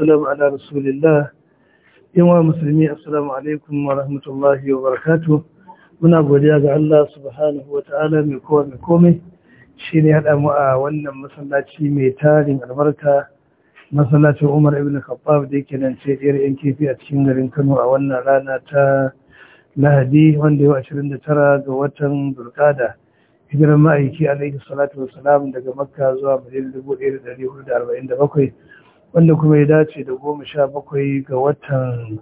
والسلام على رسول الله yawa musulmi assalamu alaikum wa rahmatullahi wa barakatu muna godiya ga Allah subhanahu wa ta'ala mai kowa komai shine ne haɗa mu a wannan masallaci mai tarin albarka masallacin umar ibn khattab da yake nan ce ɗiyar yan kifi a cikin garin kano a wannan rana ta lahadi wanda yau ashirin da tara ga watan burkada hijiran ma'aiki alaihi salatu salam daga makka zuwa madina dubu ɗaya da ɗari hudu da arba'in da bakwai wanda kuma ya dace da goma sha bakwai ga watan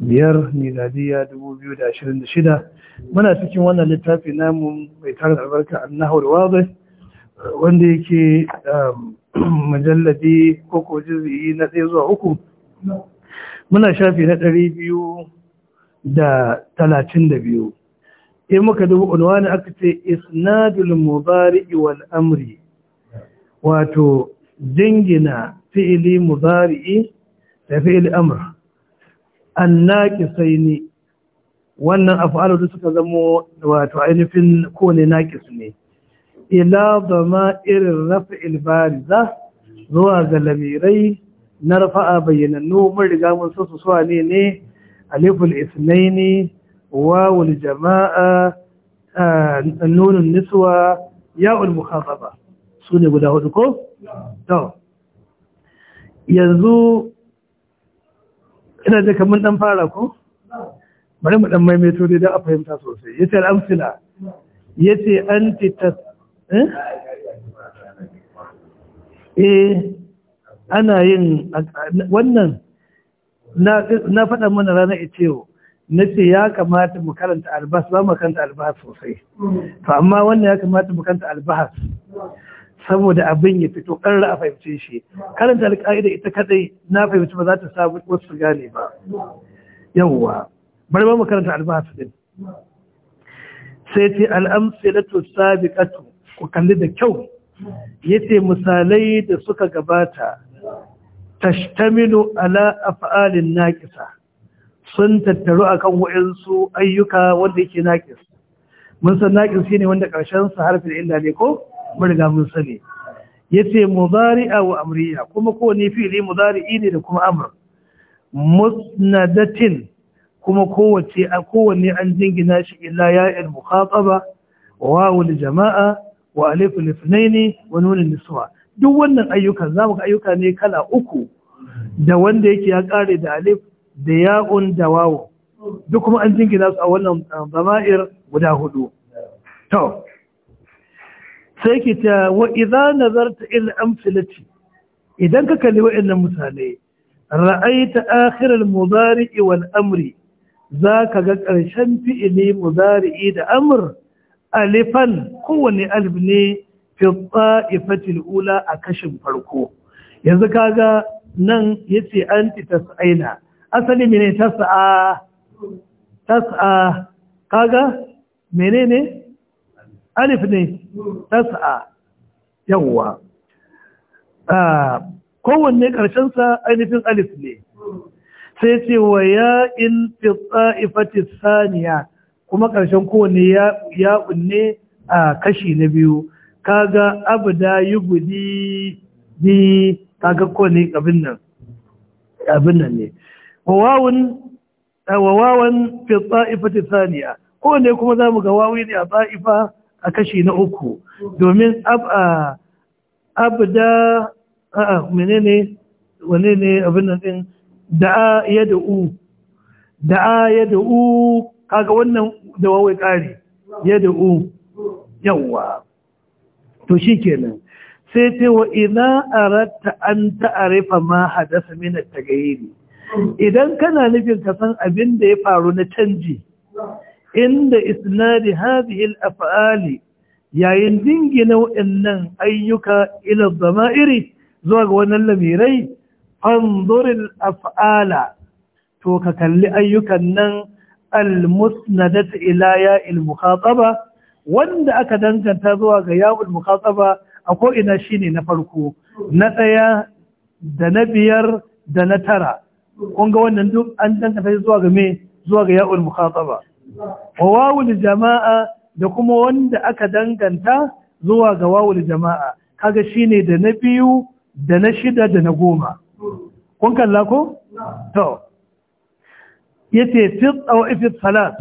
biyar miladiya dubu muna cikin wannan littafi namu mai da albarka annahar wazai wanda yake um, mujalladi ko ko jiziyi na ɗaya zuwa uku muna shafi na ɗari biyu da talatin da biyu in muka dubu unwani aka ce isnadul mubari wal amri wato jingina fi'ili mudari'i da fi'ili amr annaqisaini wannan af'alu da suka zamo wato ainihin kone naqis ne ila irin raf'il bariza zuwa ga lamirai na rafa'a bayyanannu mun riga mun san su suwa ne ne aliful isnaini wawul jama'a nunun niswa ya'ul mukhataba su ne guda hudu ko? to yanzu ina da kamar dan fara ko bari mu dan meto dai da a fahimta sosai yace al-amsila yace anti tas eh? eh ana yin wannan na faɗa mana ranar itewo na ce ya kamata mu karanta albas ba mu karanta albas sosai to amma wannan ya kamata mu karanta albas saboda abin ya fito ƙarra a fahimce shi karanta alƙa'ida ita kadai na fahimci ba za ta sa wasu gane ba yawwa bari ba mu karanta albahatu din sai ce al'amsilatu sabiqatu ku kalli da kyau yace misalai da suka gabata tashtamilu ala af'alin naqisa sun tattaru akan wa'insu ayyuka wanda yake naqis mun san naqis shine wanda karshen sa harfin illa ne ko riga mun sani yace mudari'a wa amriya kuma ne fili mudari'i ne da kuma amr musnadatin kuma kowace a kowanne an jingina shi illa ya'il mukhataba wa jama'a wa al-ithnain wa al niswa duk wannan ayyukan zamu ga ayyuka ne kala uku da wanda yake ya kare da alif da ya'un da wawu duk kuma an jingina su a wannan zama'ir ah, guda hudu to sai ki ta wa idza nazarta ila amsalati idan ka kalli wa'annan mutane ra'aita ta al-mudari wal amri ka ga ƙarshen fi'ili mudari da amr alifan kowane alif ne fi ta'ifati ula a kashin farko yanzu kaga nan ya yace anti tas'aina asali mene tas'a tas'a kaga menene alif ne tas'a yawwa kowanne ƙarshensa ainihin alif ne sai ce wa ya in fitsa'ifati saniya kuma ƙarshen kowanne ya ne a kashi na biyu kaga abda yubdi ni kaga kowanne abin nan abin nan ne wawawun wawawan fi saniya kowanne kuma za mu ga wawi ne a ta'ifa a kashi na uku domin abda a menene wane ne abinan din da'a ya da'u da'a ya da'u kaga wannan da wawai ƙari ya da'u yawwa to shi kenan sai ce wa ina aratta an ta'arifa ma hadasa minar at idan kana nufin ka san abin da ya faru na canji inda isnadi hadhihi al-af'ali yayin dingina waɗannan ayyuka ila zama'iri zuwa ga wannan lamirai Fanzurin af'ala to ka kalli ayyukan nan al-musnadat ila ya'il mukhataba wanda aka danganta zuwa ga ya'ul mukhataba a ko'ina ina shine na farko na tsaya da na biyar da na tara kun ga wannan duk an danganta zuwa ga me zuwa ga ya'ul mukhataba wa wawul jama'a da kuma wanda aka danganta zuwa ga wawul jama'a kaga shine da na biyu da na shida da na goma kun kalla ko to yace fi tsawaifin salat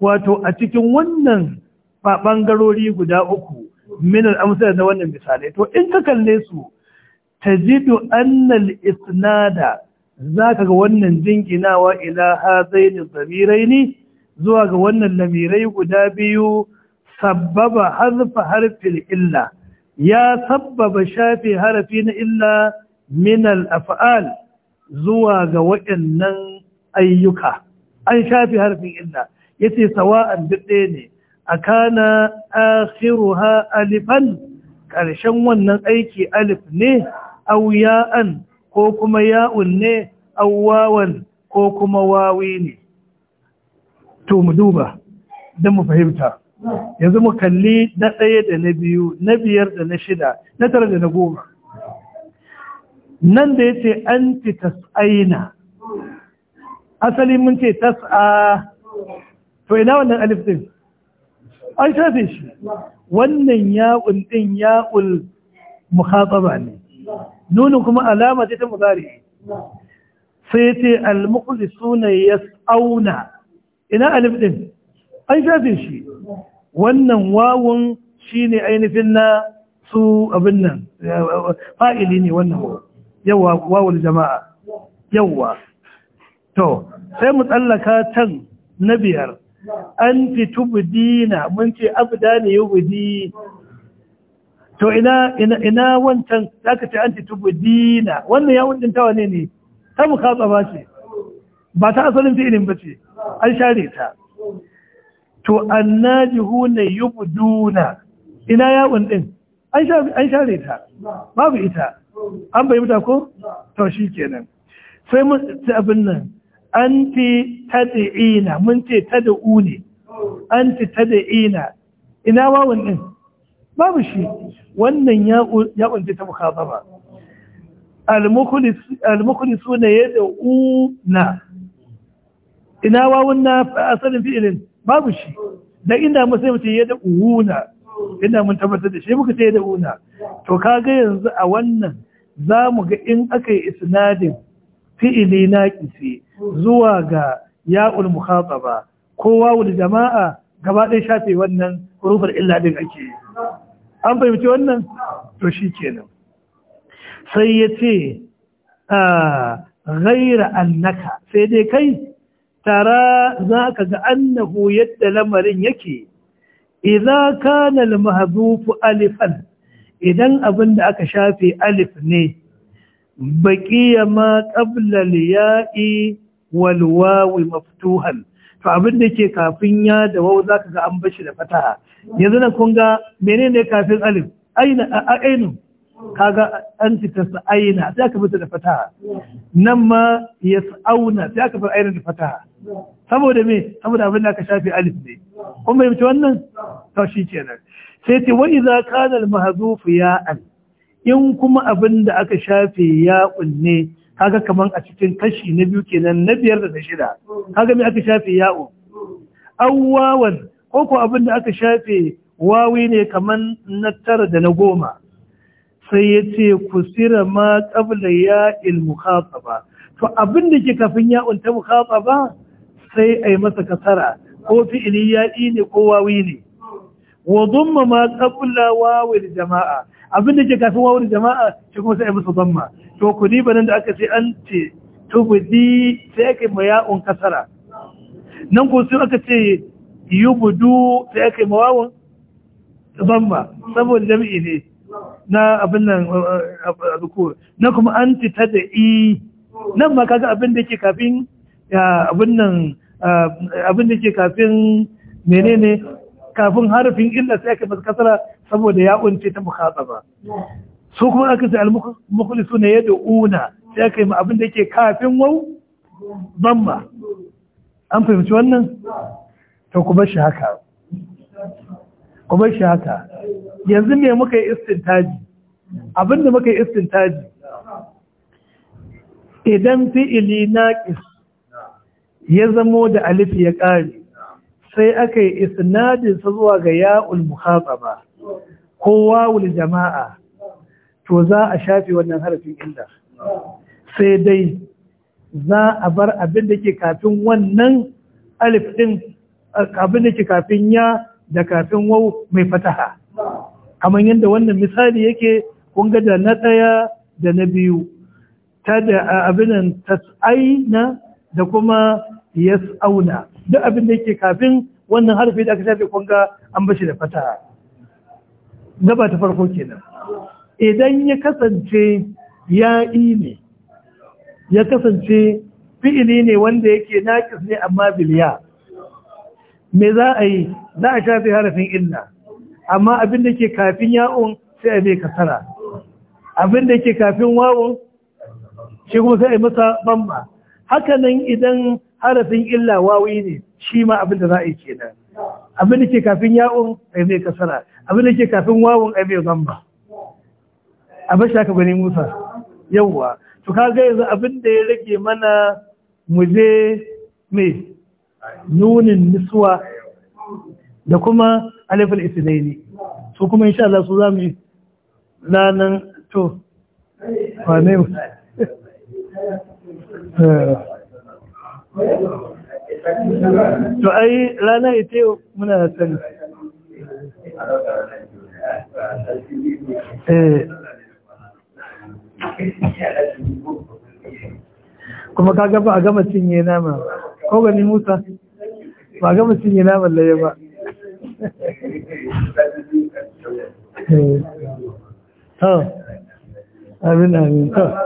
wato a cikin wannan bangarori guda uku min al-amsal da wannan misalai to in ka kalle su tajidu annal isnada zaka ga wannan jinginawa ila hazaini zamiraini zuwa ga wannan lamirai guda biyu sabbaba harfa harfin illa ya sabbaba shafe harafi na illa minal af'al zuwa ga waɗannan ayyuka an shafe harfin illa yace sawa'an duk ɗaya ne akana akhiruha alifan ƙarshen wannan aiki alif ne aw ya'an ko kuma ya'un ne aw wawan ko kuma wawi ne to mu duba don mu fahimta yanzu mu kalli na ɗaya da na biyu na biyar da na shida na tara da na goma nan da ya ce an fi tas'aina asali mun ce tas'a to ina wannan alif ɗin an shafe shi wannan ya'ul ɗin ya'ul muhataba ne nunin kuma alama ce ta muzari sai ce al ya yas'auna ina alif din an shafe shi wannan wawun shine ainihin na su abin nan fa'ili ne wannan yawa wawul jama'a yawa to sai mu tsallaka can na biyar an fitu budina mun ce abda ne budi. to ina ina ina wancan zaka ce an fitu budina wannan yawun din tawa ne ne ta mu mukhasaba ce ba ta asalin fi'ilin ce an share ta to ne yubduna ina yawon din an share ta babu ita an bai muta ko to shi kenan sai mun ta abin nan an fi tad'ina mun ce ne an fi tad'ina ina wawon din babu shi wannan ya kunce ta mukazaba al-mukhlisuna yad'una ina wawun na asalin fi'ilin babu shi da inda mu sai ya da yadda inda mun tabbatar da shi muka ce da uuna to kaga yanzu a wannan za mu ga in aka yi isnadin fi'ili na kisi zuwa ga ya'ul ba ko wawul jama'a gaba ɗaya shafe wannan rufar illa din ake yi an fahimci wannan to shi kenan sai ya ce a ah, raira annaka sai dai kai tara za ka ga annahu yadda lamarin yake idan kana al-mahzufu alifan idan abin da aka shafe alif ne baqiya ma qabla al walwawi wal wawi maftuhan to abin da ke kafin ya da za zaka ga an bashi da fataha yanzu nan kun ga menene kafin alif aina kaga an ci sa'aina, sai aka fita da fataha nan ma ya yas'auna sai aka fita aina da fataha saboda me saboda abin da aka shafi alif ne kun mai mutu wannan to shi kenan sai ce za ka kana al mahdhuf ya'an in kuma abin da aka shafe ya'un ne kaga kaman a cikin kashi na biyu kenan na biyar da na shida kaga me aka shafe ya'un awwawan ko ko abin da aka shafe wawi ne kaman na tara da na goma sai ya ce ku sira ma ƙabla ya ba, to abin da ke kafin ya unta ba sai a yi masa kasara ko ili ya ne ko wawi ne wa dhamma ma ƙabla wawil jama'a abin da ke kafin wawil jama'a shi kuma sai a yi masa dhamma to ku ni banan da aka ce an ce tubdi sai aka yi ma un kasara nan ku sai aka ce yubudu sai aka yi ma wawun dhamma saboda jami'i ne na abin nan uh, uh, azkur na kuma da tad'i nan ma kaga abin da ke kafin abin nan uh, abin da ke kafin menene kafin harafin illa sai aka masa kasara saboda ya unce ta ba. su kuma aka sai al-mukhlisu ne yadda una sai aka yi abin da ke kafin wau zamma an fahimci wannan to ku bar shi haka ku bar shi haka yanzu ne muka yi istintaji abinda muka yi istintaji idan fi'ili naqis ya zamo da alif ya ƙare sai aka yi isnadin sa zuwa ga ya'ul ba, ko wawul jama'a to za a shafe wannan harafin illa sai dai za a bar abin da ke kafin wannan alif din abin da ke kafin ya da kafin wau mai fataha kamar yadda wannan misali yake kun da na ɗaya da na biyu ta da abinan tas'aina da kuma yas'auna duk abin da yake kafin wannan harfi da aka shafe kunga, an bashi da fata gaba ta farko kenan idan ya kasance ya ne ya kasance fi'ili ne wanda yake naƙis ne amma biliya me za a yi za a shafe harafin illa amma abin da ke kafin ya'un sai a mai kasara abin da ke kafin wawun shi kuma sai a masa bamba haka nan idan harafin illa wawi ne shi ma abin da za a yi kenan abin da ke kafin ya'un a mai kasara abin da ke kafin wawun a mai bamba a bashi haka gwani musa yawwa to kaga yanzu abin da ya rage mana mu je mai nunin nisuwa da kuma Alifin isinai ne su kuma insha Allah su za mu yi ranar to wane yau? Eh. to ai rana ita yau muna da sani eh. kuma ka gaba a gama cinye nama ko gani musa ba a gama cinye naman laye ba abin eh. amin